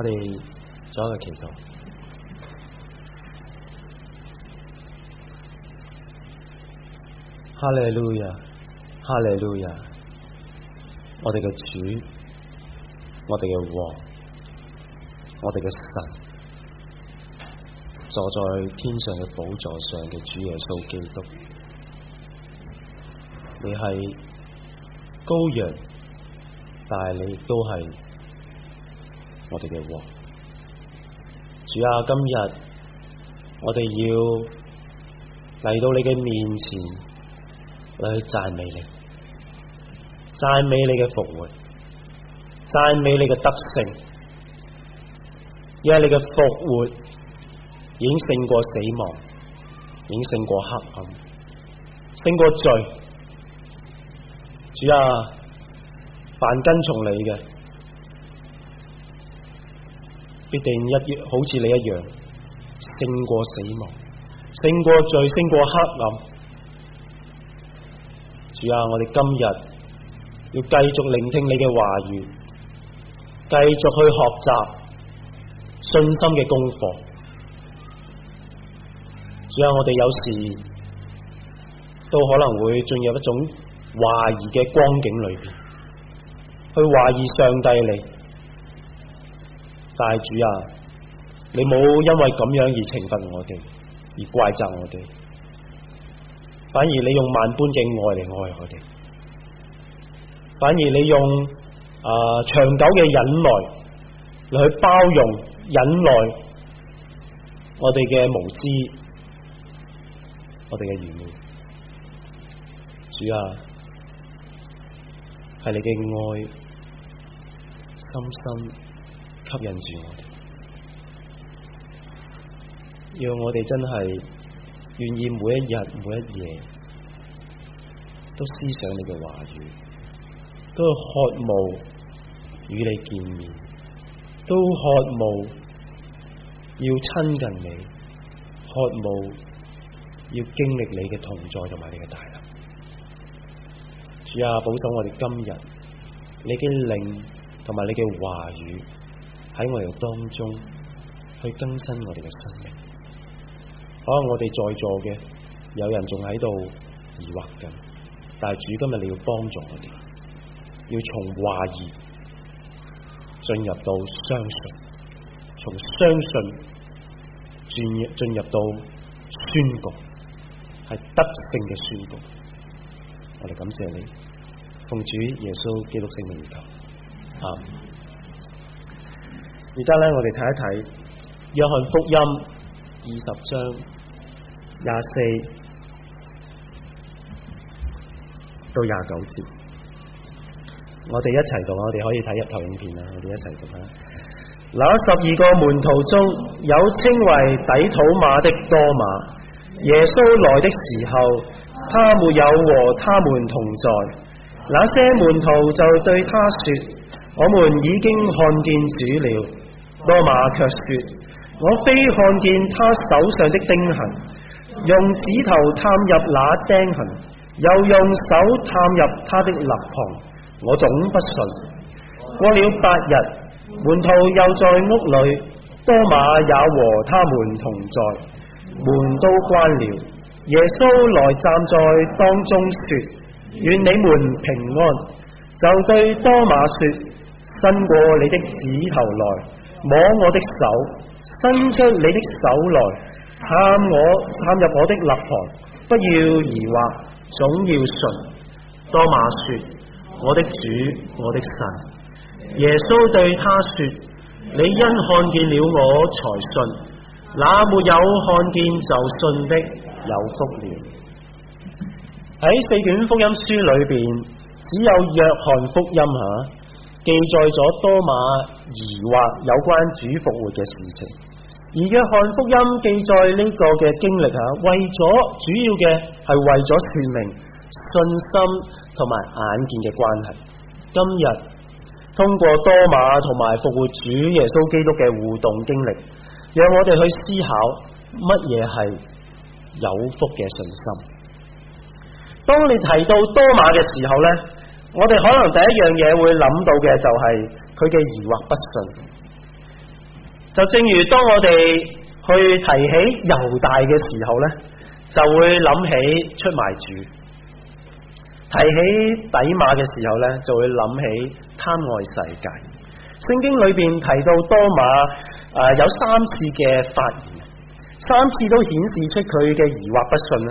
我哋走嚟祈禱，哈利路亞，哈利路亞，我哋嘅主，我哋嘅王，我哋嘅神，坐在天上嘅寶座上嘅主耶穌基督，你係羔羊，但係你亦都係。我哋嘅王，主啊！今日我哋要嚟到你嘅面前，嚟去讚美你，讚美你嘅復活，讚美你嘅德性，因為你嘅復活已經勝過死亡，已經勝過黑暗，勝過罪。主啊，凡跟從你嘅。必定一好似你一樣，勝過死亡，勝過罪，勝過黑暗。主啊，我哋今日要繼續聆聽你嘅話語，繼續去學習信心嘅功課。主啊，我哋有時都可能會進入一種懷疑嘅光景裏邊，去懷疑上帝嚟。大主啊，你冇因為咁樣而懲罰我哋，而怪責我哋，反而你用萬般嘅愛嚟愛我哋，反而你用啊、呃、長久嘅忍耐嚟去包容忍耐我哋嘅無知，我哋嘅愚昧。主啊，係你嘅愛，深深。吸引住我哋，要我哋真係願意每一日每一夜都思想你嘅話語，都渴慕與你見面，都渴慕要親近你，渴慕要經歷你嘅同在同埋你嘅大能。主啊，保守我哋今日你嘅靈同埋你嘅話語。喺我哋當中去更新我哋嘅生命，可能我哋在座嘅有人仲喺度疑惑緊，但係主今日你要幫助我哋，要從懷疑進入到相信，從相信進進入到宣告，係得勝嘅宣告。我哋感謝你，奉主耶穌基督聖名而求啊！而家咧，我哋睇一睇《約翰福音》二十章廿四到廿九節。我哋一齊讀，我哋可以睇一投影片啊！我哋一齊讀啊！嗱，十二個門徒中有稱為底土馬的多馬，耶穌來的時候，他沒有和他們同在。那些門徒就對他說，我們已經看見主了。多馬卻說：我非看見他手上的釘痕，用指頭探入那釘痕，又用手探入他的肋旁，我總不信。過了八日，門徒又在屋裏，多馬也和他們同在，門都關了。耶穌來站在當中說：願你們平安！就對多馬說：伸過你的指頭來。摸我的手，伸出你的手來，探我探入我的肋旁，不要疑惑，總要信。多馬說：我的主，我的神。耶穌對他說：你因看見了我才信，那沒有看見就信的有福了。喺四卷福音書裏邊，只有約翰福音吓。啊記載咗多馬疑惑有關主復活嘅事情，而約翰福音記載呢個嘅經歷啊，為咗主要嘅係為咗說明信心同埋眼見嘅關係。今日通過多馬同埋復活主耶穌基督嘅互動經歷，讓我哋去思考乜嘢係有福嘅信心。當你提到多馬嘅時候呢。我哋可能第一樣嘢會諗到嘅就係佢嘅疑惑不信，就正如當我哋去提起猶大嘅時候咧，就會諗起出賣主；提起底馬嘅時候咧，就會諗起貪愛世界。聖經裏邊提到多馬啊有三次嘅發言，三次都顯示出佢嘅疑惑不信咧。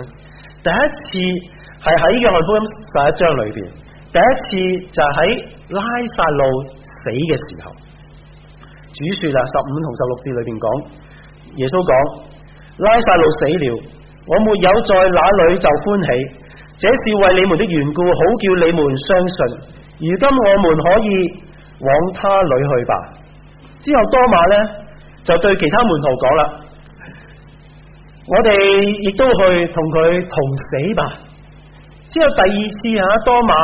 第一次係喺約翰福音第一章裏邊。第一次就係喺拉撒路死嘅時候，主說啦，十五同十六節裏邊講，耶穌講，拉撒路死了，我沒有在那裏就歡喜，這是為你們的緣故，好叫你們相信。如今我們可以往他裏去吧。之後多瑪咧就對其他門徒講啦，我哋亦都去同佢同死吧。之後第二次啊，多馬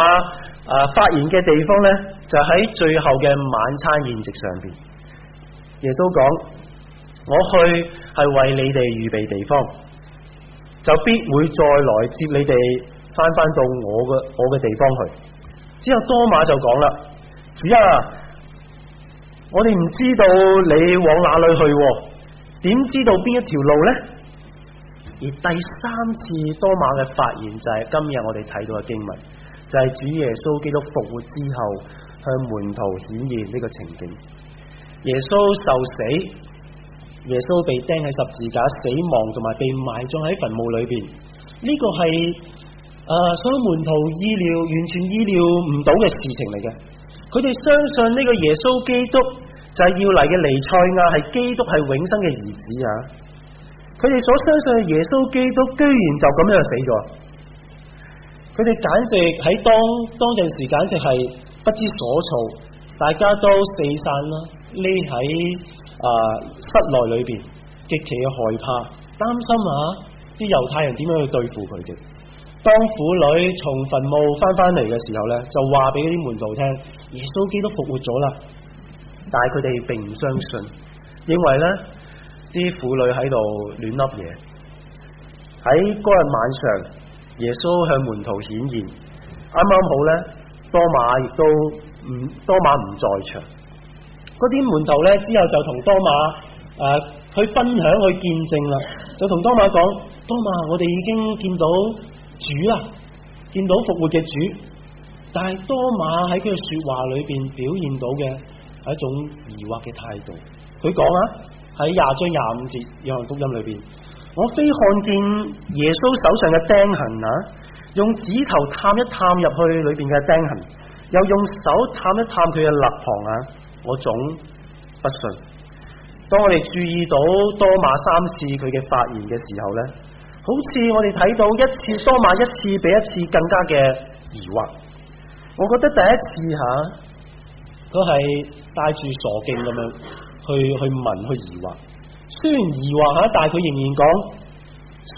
啊發言嘅地方咧，就喺最後嘅晚餐宴席上邊。耶穌講：我去係為你哋預備地方，就必會再來接你哋翻翻，到我嘅我嘅地方去。之後多馬就講啦：主啊，我哋唔知道你往哪裏去，哦，點知道邊一條路咧？而第三次多馬嘅發言就係今日我哋睇到嘅經文，就係主耶穌基督復活之後向門徒顯現呢個情景。耶穌受死，耶穌被釘喺十字架死亡，同埋被埋葬喺墳墓裏邊。呢個係啊所有門徒意料完全意料唔到嘅事情嚟嘅。佢哋相信呢個耶穌基督就係要嚟嘅彌賽亞，係基督係永生嘅兒子啊！佢哋所相信嘅耶穌基督，居然就咁樣死咗。佢哋簡直喺當當陣時，簡直係不知所措，大家都四散啦，匿喺啊室內裏邊，極其嘅害怕，擔心啊啲猶太人點樣去對付佢哋。當婦女從墳墓翻翻嚟嘅時候咧，就話俾啲門徒聽，耶穌基督復活咗啦。但係佢哋並唔相信，認為咧。啲婦女喺度亂笠嘢，喺嗰日晚上，耶穌向門徒顯現，啱啱好咧，多馬亦都唔多馬唔在場，嗰啲門徒咧之後就同多馬誒去分享去見證啦，就同多馬講：多馬，我哋已經見到主啊，見到復活嘅主，但係多馬喺佢嘅說話裏邊表現到嘅係一種疑惑嘅態度，佢講啊。喺廿章廿五節呢項福音裏邊，我非看見耶穌手上嘅釘痕啊，用指頭探一探入去裏邊嘅釘痕，又用手探一探佢嘅肋旁啊，我總不信。當我哋注意到多馬三次佢嘅發言嘅時候呢，好似我哋睇到一次多馬一次比一次更加嘅疑惑。我覺得第一次吓，都、啊、係帶住傻勁咁樣。去去問去疑惑，雖然疑惑吓，但係佢仍然講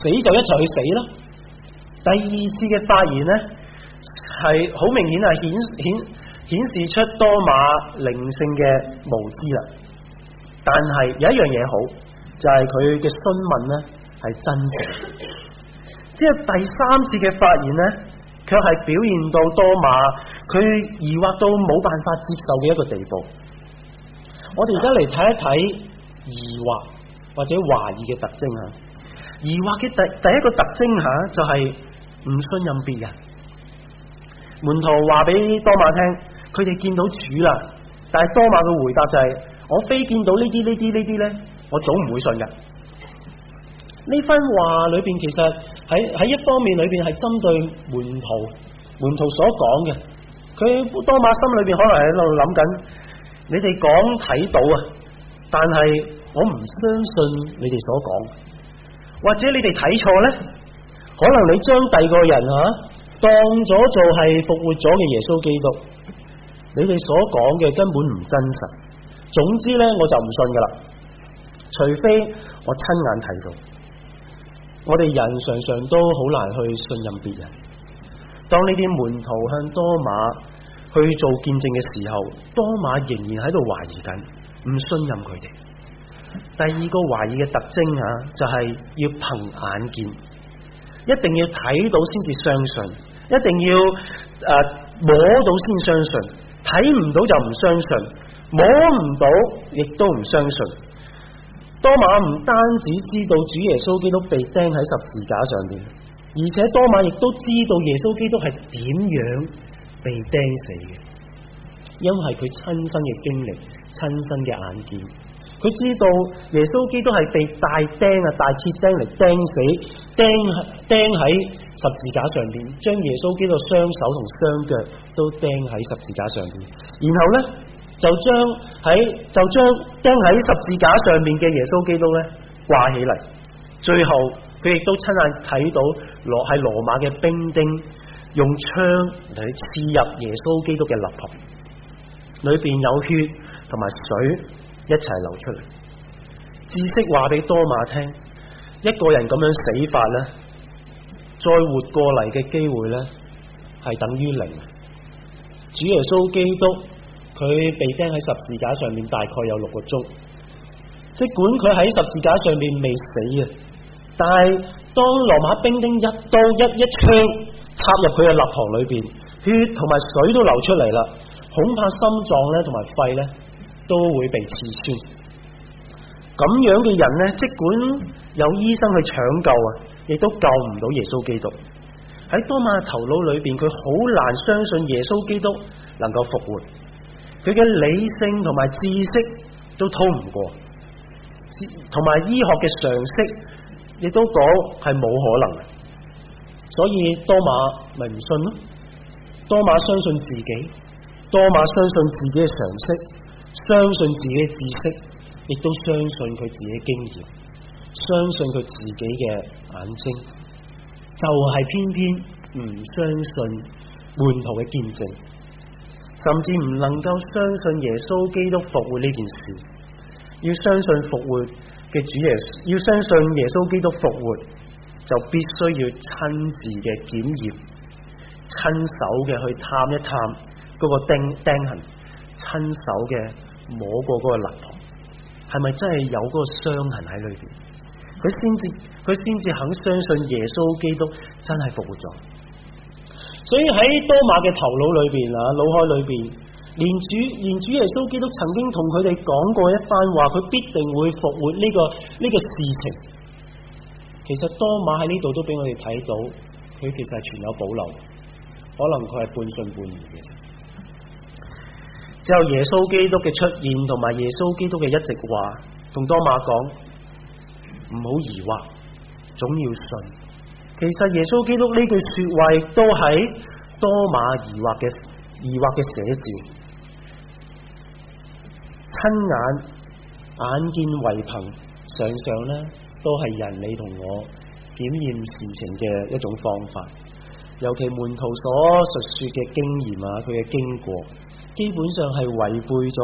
死就一齊去死啦。第二次嘅發現咧，係好明顯係顯顯顯示出多馬靈性嘅無知啦。但係有一樣嘢好，就係佢嘅詢問咧係真誠。之後第三次嘅發現咧，卻係表現到多馬佢疑惑到冇辦法接受嘅一個地步。我哋而家嚟睇一睇疑惑或者懷疑嘅特徵啊！疑惑嘅第第一個特徵吓，就係唔信任別人。門徒話俾多馬聽，佢哋見到主啦，但係多馬嘅回答就係：我非見到呢啲呢啲呢啲咧，我早唔會信嘅。呢番話裏邊其實喺喺一方面裏邊係針對門徒門徒所講嘅，佢多馬心裏邊可能喺度諗緊。你哋講睇到啊，但係我唔相信你哋所講，或者你哋睇錯呢？可能你將第二個人啊，當咗做係復活咗嘅耶穌基督，你哋所講嘅根本唔真實。總之呢，我就唔信噶啦，除非我親眼睇到。我哋人常常都好難去信任別人。當呢啲門徒向多馬，去做見證嘅時候，多馬仍然喺度懷疑緊，唔信任佢哋。第二個懷疑嘅特徵啊，就係、是、要憑眼見，一定要睇到先至相信，一定要誒、呃、摸到先相信，睇唔到就唔相信，摸唔到亦都唔相信。多馬唔單止知道主耶穌基督被釘喺十字架上邊，而且多馬亦都知道耶穌基督係點樣被釘死嘅，因為佢親身嘅經歷、親身嘅眼見，佢知道耶穌基督係被大釘啊、大鐵釘嚟釘死，釘喺釘喺十字架上邊，將耶穌基督雙手同雙腳都釘喺十字架上邊，然後呢，就將喺就將釘喺十字架上面嘅耶穌基督呢掛起嚟，最後佢亦都親眼睇到羅喺羅馬嘅兵丁。用槍嚟刺入耶穌基督嘅肋旁，裏邊有血同埋水一齊流出嚟。知識話俾多馬聽：一個人咁樣死法咧，再活過嚟嘅機會咧，係等於零。主耶穌基督佢被釘喺十字架上面大概有六個鐘，即管佢喺十字架上面未死啊，但係當羅馬兵丁一刀一刀一槍。插入佢嘅肋旁裏邊，血同埋水都流出嚟啦，恐怕心臟咧同埋肺咧都會被刺穿。咁樣嘅人咧，即管有醫生去搶救啊，亦都救唔到耶穌基督。喺多馬嘅頭腦裏邊，佢好難相信耶穌基督能夠復活。佢嘅理性同埋知識都通唔過，同埋醫學嘅常識亦都講係冇可能。所以多馬咪唔信咯，多馬相信自己，多馬相信自己嘅常識，相信自己嘅知識，亦都相信佢自己嘅經驗，相信佢自己嘅眼睛，就係偏偏唔相信門徒嘅見證，甚至唔能夠相信耶穌基督復活呢件事，要相信復活嘅主耶穌，要相信耶穌基督復活。就必須要親自嘅檢驗，親手嘅去探一探嗰個釘釘痕，親手嘅摸過嗰個肋旁，係咪真係有嗰個傷痕喺裏邊？佢先至佢先至肯相信耶穌基督真係復活咗。所以喺多馬嘅頭腦裏邊啊，腦海裏邊，連主連主耶穌基督曾經同佢哋講過一番話，佢必定會復活呢個呢個事情。其實多馬喺呢度都俾我哋睇到，佢其實係存有保留，可能佢係半信半疑嘅。之後耶穌基督嘅出現同埋耶穌基督嘅一直話同多馬講，唔好疑惑，總要信。其實耶穌基督呢句說話亦都喺多馬疑惑嘅疑惑嘅寫字，親眼眼見為憑，想想啦。都係人，你同我檢驗事情嘅一種方法。尤其門徒所述說嘅經驗啊，佢嘅經過，基本上係違背咗，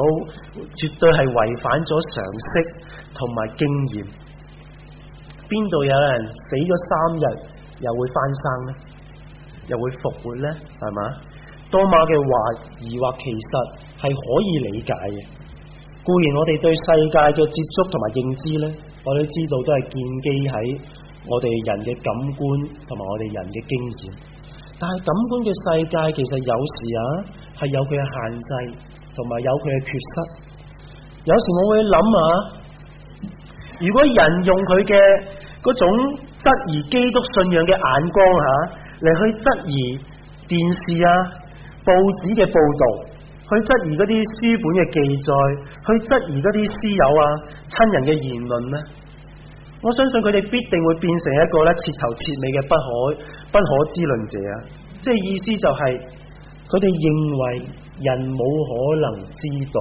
絕對係違反咗常識同埋經驗。邊度有人死咗三日又會翻生呢？又會復活呢？係嘛？多馬嘅話，疑惑其實係可以理解嘅。固然我哋對世界嘅接觸同埋認知呢。我都知道都係建基喺我哋人嘅感官同埋我哋人嘅經驗，但係感官嘅世界其實有時啊係有佢嘅限制，同埋有佢嘅缺失。有時我會諗啊，如果人用佢嘅嗰種質疑基督信仰嘅眼光吓嚟，去質疑電視啊、報紙嘅報道。去質疑嗰啲書本嘅記載，去質疑嗰啲師友啊、親人嘅言論呢。我相信佢哋必定會變成一個咧徹頭徹尾嘅不可不可知論者啊！即係意思就係佢哋認為人冇可能知道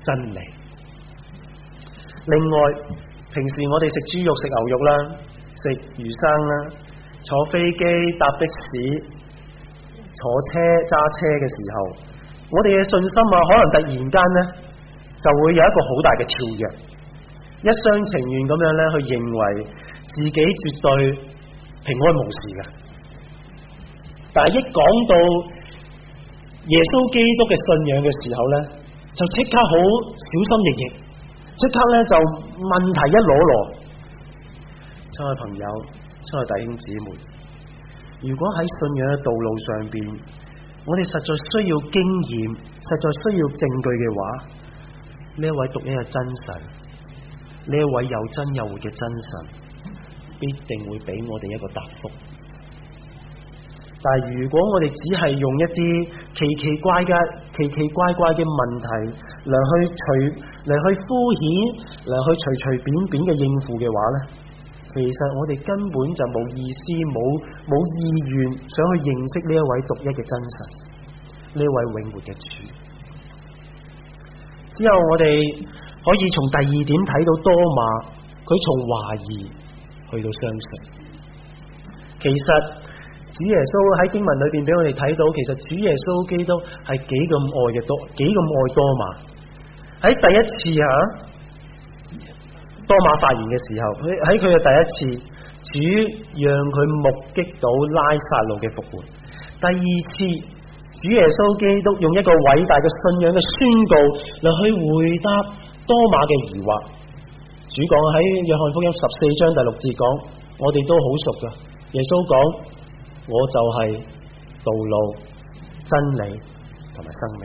真理。另外，平時我哋食豬肉、食牛肉啦，食魚生啦，坐飛機、搭的士、坐車、揸車嘅時候。我哋嘅信心啊，可能突然間咧就會有一個好大嘅跳躍，一廂情願咁樣咧去認為自己絕對平安無事嘅，但係一講到耶穌基督嘅信仰嘅時候咧，就即刻好小心翼翼，即刻咧就問題一籮籮。親愛朋友，親愛弟兄姊妹，如果喺信仰嘅道路上邊，我哋實在需要經驗，實在需要證據嘅話，呢一位獨一嘅真神，呢一位又真又活嘅真神，必定會俾我哋一個答覆。但係如果我哋只係用一啲奇奇怪嘅、奇奇怪怪嘅問題嚟去隨嚟去敷衍、嚟去隨隨便便嘅應付嘅話咧？其實我哋根本就冇意思，冇冇意願想去認識呢一位獨一嘅真神，呢位永活嘅主。之後我哋可以從第二點睇到多馬，佢從懷疑去到相信。其實主耶穌喺經文裏邊俾我哋睇到，其實主耶穌基督係幾咁愛嘅多，幾咁愛多馬。喺第一次啊。多馬發言嘅時候，佢喺佢嘅第一次，主讓佢目擊到拉撒路嘅復活。第二次，主耶穌基督用一個偉大嘅信仰嘅宣告嚟去回答多馬嘅疑惑。主講喺《約翰福音》十四章第六節講：我哋都好熟噶。耶穌講：我就係道路、真理同埋生命。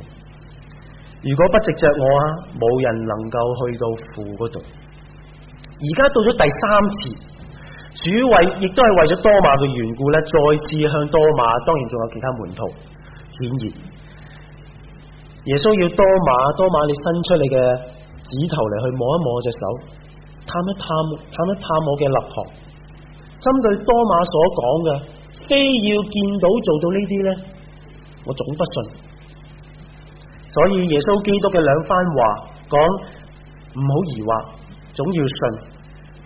如果不藉着我啊，冇人能夠去到父嗰度。而家到咗第三次，主為亦都係為咗多馬嘅緣故咧，再次向多馬，當然仲有其他門徒顯現。耶穌要多馬，多馬你伸出你嘅指頭嚟去摸一摸我隻手，探一探，探一探我嘅肋旁。針對多馬所講嘅，非要見到做到呢啲咧，我總不信。所以耶穌基督嘅兩番話講，唔好疑惑，總要信。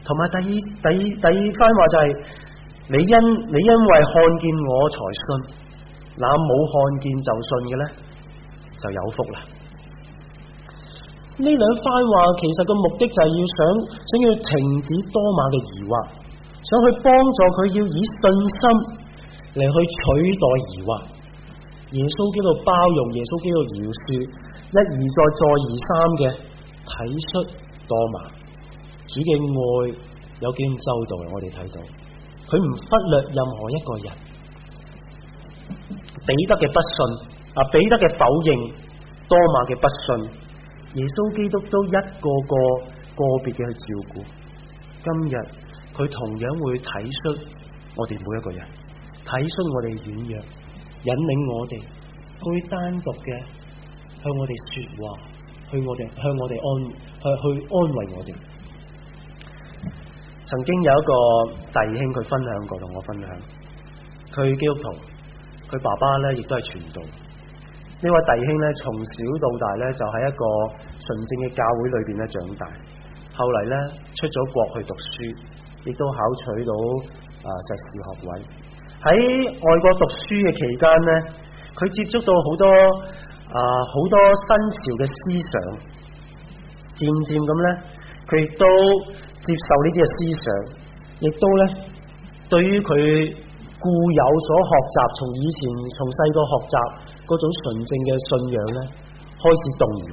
同埋第二、第二、第二番話就係、是、你因你因為看見我才信，那冇看見就信嘅咧就有福啦。呢兩番話其實個目的就係要想想要停止多馬嘅疑惑，想去幫助佢要以信心嚟去取代疑惑。耶穌基督包容，耶穌基督饒恕，一而再再而三嘅睇出多馬。主嘅愛有幾咁周到？我哋睇到佢唔忽略任何一個人，彼得嘅不信啊，彼得嘅否認，多馬嘅不信，耶穌基督都一個個個別嘅去照顧。今日佢同樣會體恤我哋每一個人，體恤我哋軟弱，引領我哋，佢單獨嘅向我哋說話，去我哋向我哋安去去安慰我哋。曾經有一個弟兄佢分享過同我分享，佢基督徒，佢爸爸咧亦都係傳道。呢、這、位、個、弟兄咧從小到大咧就喺一個純正嘅教會裏邊咧長大，後嚟咧出咗國去讀書，亦都考取到啊碩、呃、士學位。喺外國讀書嘅期間咧，佢接觸到好多啊好、呃、多新潮嘅思想，漸漸咁咧佢亦都。接受呢啲嘅思想，亦都咧對於佢固有所學習，從以前從細個學習嗰種純正嘅信仰咧，開始動搖，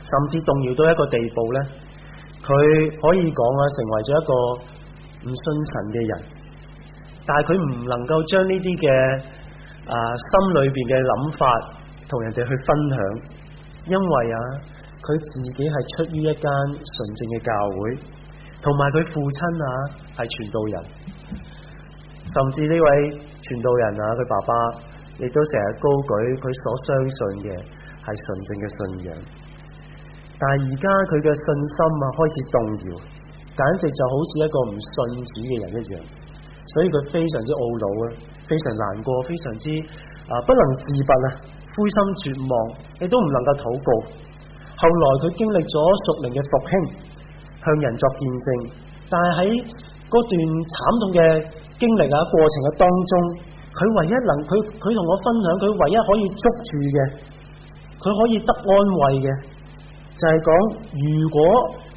甚至動搖到一個地步咧，佢可以講啊，成為咗一個唔信神嘅人，但係佢唔能夠將呢啲嘅啊心裏邊嘅諗法同人哋去分享，因為啊。佢自己係出於一間純正嘅教會，同埋佢父親啊係傳道人，甚至呢位傳道人啊佢爸爸亦都成日高舉佢所相信嘅係純正嘅信仰，但係而家佢嘅信心啊開始動搖，簡直就好似一個唔信主嘅人一樣，所以佢非常之懊惱啊，非常難過，非常之啊不能自拔啊，灰心絕望，亦都唔能夠禱告。後來佢經歷咗屬靈嘅復興，向人作見證。但係喺嗰段慘痛嘅經歷啊過程嘅當中，佢唯一能佢佢同我分享，佢唯一可以捉住嘅，佢可以得安慰嘅，就係、是、講如果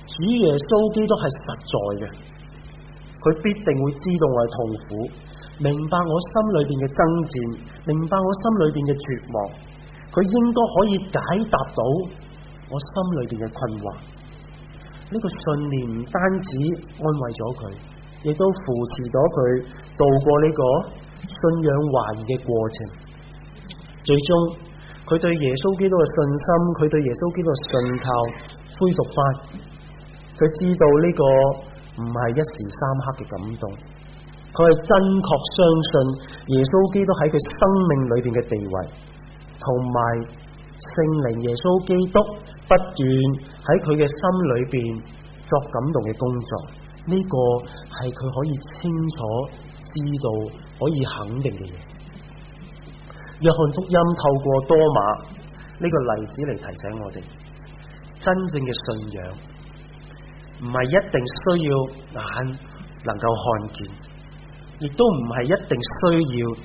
主耶穌基督係實在嘅，佢必定會知道我係痛苦，明白我心裏邊嘅爭戰，明白我心裏邊嘅絕望，佢應該可以解答到。我心裏邊嘅困惑，呢個信念唔單止安慰咗佢，亦都扶持咗佢度過呢個信仰懷疑嘅過程。最終，佢對耶穌基督嘅信心，佢對耶穌基督嘅信靠恢復翻。佢知道呢個唔係一時三刻嘅感動，佢係真確相信耶穌基督喺佢生命裏邊嘅地位，同埋聖靈耶穌基督。不斷喺佢嘅心裏邊作感動嘅工作，呢、這個係佢可以清楚知道，可以肯定嘅嘢。約翰福音透過多馬呢、這個例子嚟提醒我哋，真正嘅信仰唔係一定需要眼能夠看見，亦都唔係一定需要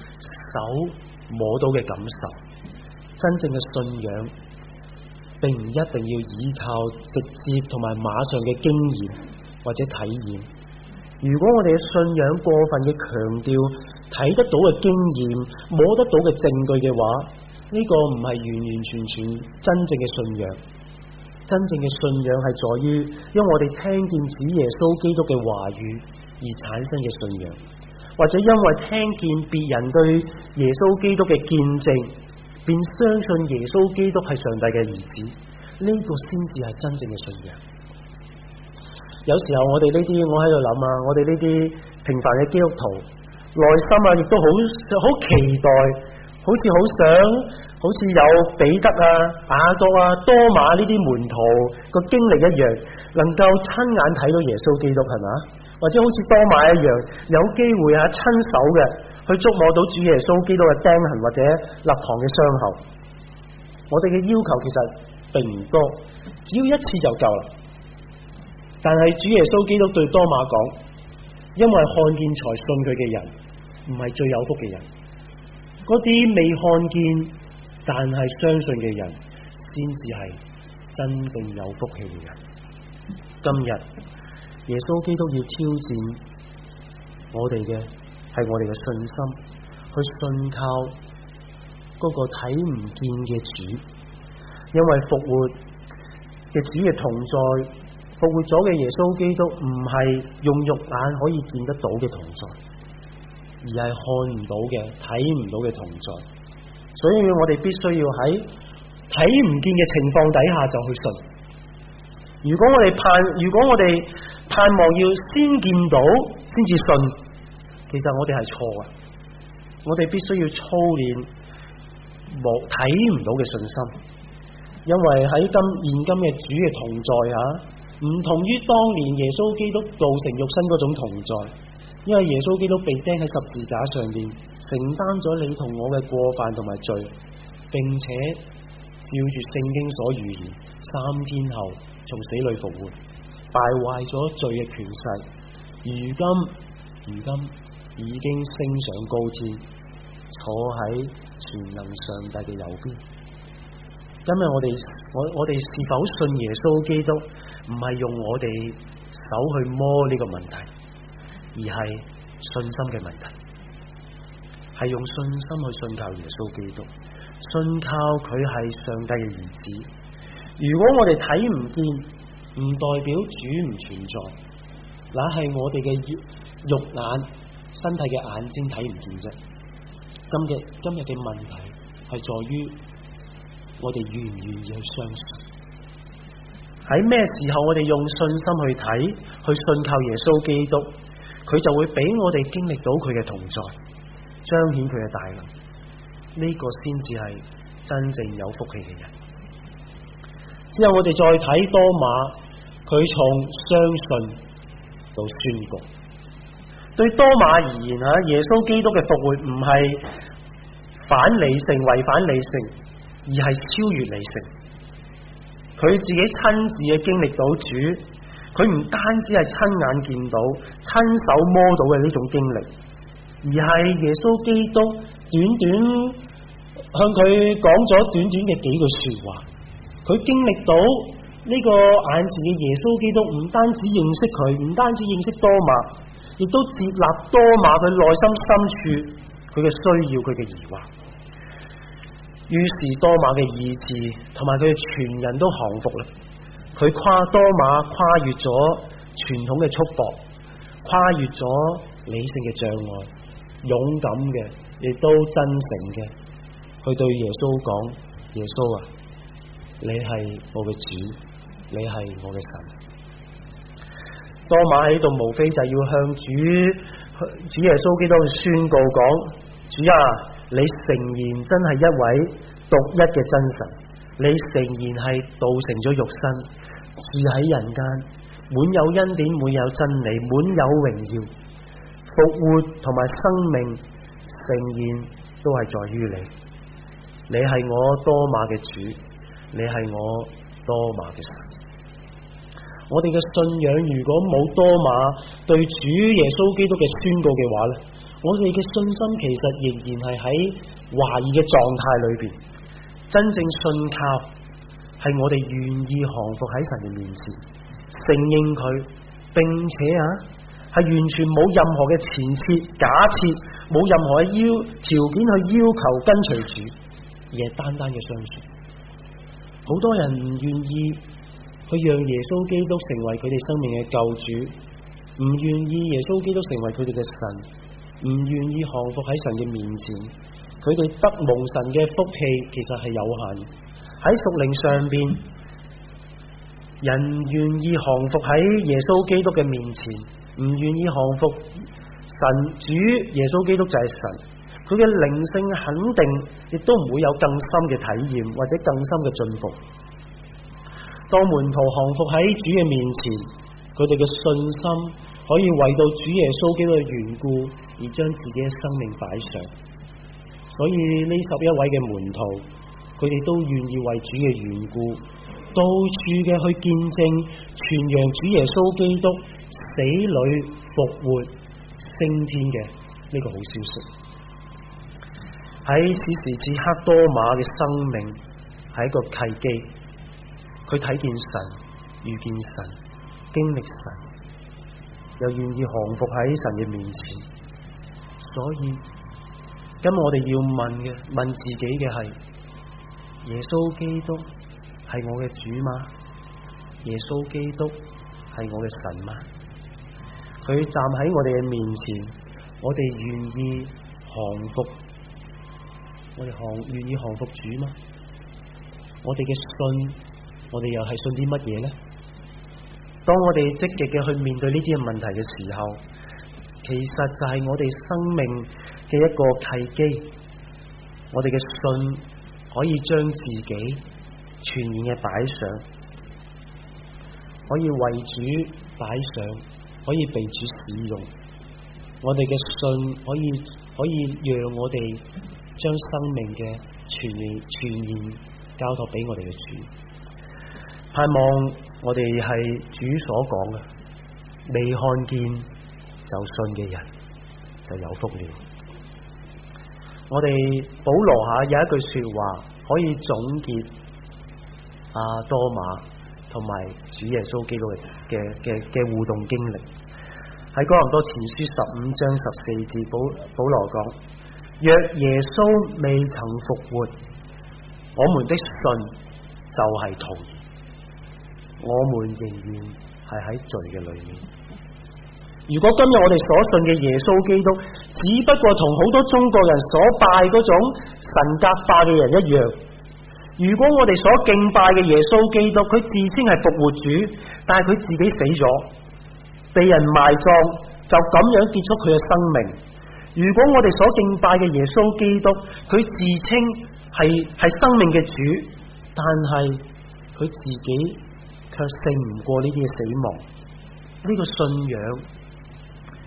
手摸到嘅感受，真正嘅信仰。並唔一定要依靠直接同埋馬上嘅經驗或者體驗。如果我哋嘅信仰過分嘅強調睇得到嘅經驗、摸得到嘅證據嘅話，呢個唔係完完全全真正嘅信仰。真正嘅信仰係在於，因為我哋聽見主耶穌基督嘅話語而產生嘅信仰，或者因為聽見別人對耶穌基督嘅見證，便相信耶穌基督係上帝嘅兒子，呢個先至係真正嘅信仰。有時候我哋呢啲，我喺度諗啊，我哋呢啲平凡嘅基督徒，內心啊亦都好好期待，好似好想，好似有彼得啊、阿多啊、多馬呢啲門徒個經歷一樣，能夠親眼睇到耶穌基督係咪，或者好似多馬一樣，有機會啊親手嘅。去觸摸到主耶穌基督嘅釘痕或者肋旁嘅傷口，我哋嘅要求其實並唔多，只要一次就夠啦。但係主耶穌基督對多馬講：因為看見才信佢嘅人，唔係最有福嘅人。嗰啲未看見但係相信嘅人，先至係真正有福氣嘅人。今日耶穌基督要挑戰我哋嘅。係我哋嘅信心，去信靠嗰個睇唔見嘅主，因為復活嘅主嘅同在，復活咗嘅耶穌基督唔係用肉眼可以見得到嘅同在，而係看唔到嘅、睇唔到嘅同在。所以我哋必須要喺睇唔見嘅情況底下就去信。如果我哋盼，如果我哋盼望要先見到，先至信。其實我哋係錯啊！我哋必須要操練冇睇唔到嘅信心，因為喺今現今嘅主嘅同在吓，唔同於當年耶穌基督道成肉身嗰種同在，因為耶穌基督被釘喺十字架上面，承擔咗你同我嘅過犯同埋罪，並且照住聖經所預言，三天後從死裏復活，敗壞咗罪嘅權勢。如今，如今。已經升上高天，坐喺全能上帝嘅右邊。因為我哋我我哋是否信耶穌基督，唔係用我哋手去摸呢個問題，而係信心嘅問題，係用信心去信靠耶穌基督，信靠佢係上帝嘅兒子。如果我哋睇唔見，唔代表主唔存在，那係我哋嘅肉眼。身體嘅眼睛睇唔見啫，今日嘅今日嘅問題係在於我哋願唔願意去相信，喺咩時候我哋用信心去睇，去信靠耶穌基督，佢就會俾我哋經歷到佢嘅同在，彰顯佢嘅大能，呢、這個先至係真正有福氣嘅人。之後我哋再睇多馬，佢從相信到宣告。對多馬而言啊，耶穌基督嘅復活唔係反理性，違反理性，而係超越理性。佢自己親自嘅經歷到主，佢唔單止係親眼見到，親手摸到嘅呢種經歷，而係耶穌基督短短向佢講咗短短嘅幾句說話，佢經歷到呢個眼前嘅耶穌基督，唔單止認識佢，唔單止認識多馬，亦都接納多瑪佢內心深處佢嘅需要、佢嘅疑惑，於是多瑪嘅意志同埋佢嘅全人都降服啦。佢跨，多瑪跨越咗傳統嘅束縛，跨越咗理性嘅障礙，勇敢嘅亦都真誠嘅去對耶穌講：耶穌啊，你係我嘅主，你係我嘅神。多瑪喺度，無非就係要向主、主耶穌基督宣告講：主啊，你誠然真係一位獨一嘅真神，你誠然係道成咗肉身，住喺人間，滿有恩典，滿有真理，滿有榮耀，復活同埋生命，誠然都係在於你。你係我多瑪嘅主，你係我多瑪嘅神。我哋嘅信仰如果冇多馬對主耶穌基督嘅宣告嘅話咧，我哋嘅信心其實仍然係喺懷疑嘅狀態裏邊。真正信靠係我哋願意降服喺神嘅面前，承認佢，並且啊係完全冇任何嘅前設假設，冇任何嘅要條件去要求跟隨主，而係單單嘅相信。好多人唔願意。佢讓耶穌基督成為佢哋生命嘅救主，唔願意耶穌基督成為佢哋嘅神，唔願意降服喺神嘅面前。佢哋得蒙神嘅福氣，其實係有限。喺屬靈上邊，人願意降服喺耶穌基督嘅面前，唔願意降服神主，耶穌基督就係神。佢嘅靈性肯定，亦都唔會有更深嘅體驗或者更深嘅進步。當門徒降服喺主嘅面前，佢哋嘅信心可以為到主耶穌基督嘅緣故，而將自己嘅生命擺上。所以呢十一位嘅門徒，佢哋都願意為主嘅緣故，到處嘅去見證傳揚主耶穌基督死裏復活升天嘅呢個好消息。喺此時此刻，多馬嘅生命係一個契機。佢睇見神，遇見神，經歷神，又願意降服喺神嘅面前。所以，今日我哋要問嘅，問自己嘅係：耶穌基督係我嘅主嗎？耶穌基督係我嘅神嗎？佢站喺我哋嘅面前，我哋願意降服，我哋降願意降服主嗎？我哋嘅信。我哋又係信啲乜嘢呢？當我哋積極嘅去面對呢啲嘅問題嘅時候，其實就係我哋生命嘅一個契機。我哋嘅信可以將自己全然嘅擺上，可以為主擺上，可以被主使用。我哋嘅信可以可以讓我哋將生命嘅全然全然交託俾我哋嘅主。盼望我哋係主所講嘅，未看見就信嘅人就有福了。我哋保羅下有一句說話可以總結阿、啊、多馬同埋主耶穌基督嘅嘅嘅互動經歷，喺哥林多前書十五章十四節，保保羅講：若耶穌未曾復活，我們的信就係徒。我們仍然係喺罪嘅裏面。如果今日我哋所信嘅耶穌基督，只不過同好多中國人所拜嗰種神格化嘅人一樣。如果我哋所敬拜嘅耶穌基督，佢自稱係復活主，但係佢自己死咗，被人埋葬，就咁樣結束佢嘅生命。如果我哋所敬拜嘅耶穌基督，佢自稱係係生命嘅主，但係佢自己。卻勝唔過呢啲嘅死亡，呢、這個信仰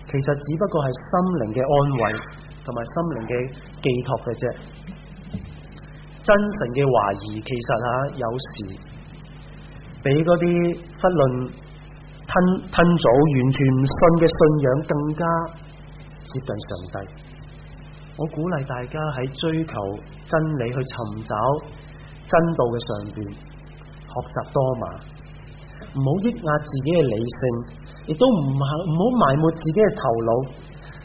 其實只不過係心靈嘅安慰，同埋心靈嘅寄託嘅啫。真誠嘅懷疑，其實吓、啊、有時比嗰啲囫圇吞棗完全唔信嘅信仰更加接近上帝。我鼓勵大家喺追求真理去尋找真道嘅上邊，學習多馬。唔好抑壓自己嘅理性，亦都唔唔好埋沒自己嘅頭腦，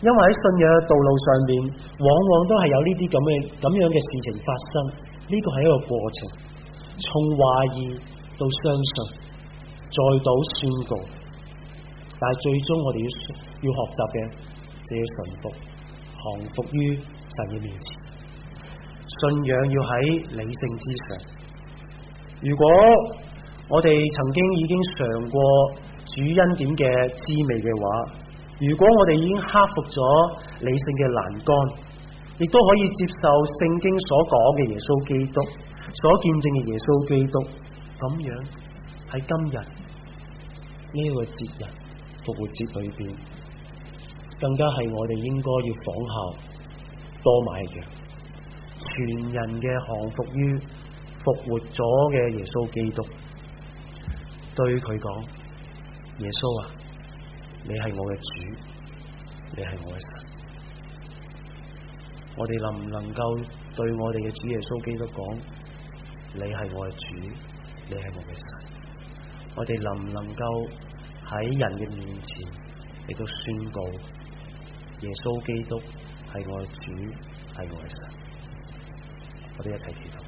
因為喺信仰嘅道路上面，往往都係有呢啲咁嘅咁樣嘅事情發生。呢個係一個過程，從懷疑到相信，再到宣告。但係最終我哋要要學習嘅，就要順服，降服於神嘅面前。信仰要喺理性之上。如果，我哋曾經已經嘗過主恩典嘅滋味嘅話，如果我哋已經克服咗理性嘅欄杆，亦都可以接受聖經所講嘅耶穌基督所見證嘅耶穌基督，咁樣喺今日呢個節日復活節裏邊，更加係我哋應該要仿效多埋嘅全人嘅降服於復活咗嘅耶穌基督。對佢講，耶穌啊，你係我嘅主，你係我嘅神。我哋能唔能夠對我哋嘅主耶穌基督講，你係我嘅主，你係我嘅神？我哋能唔能夠喺人嘅面前亦都宣告耶穌基督係我嘅主，係我嘅神？我哋一齊祈禱。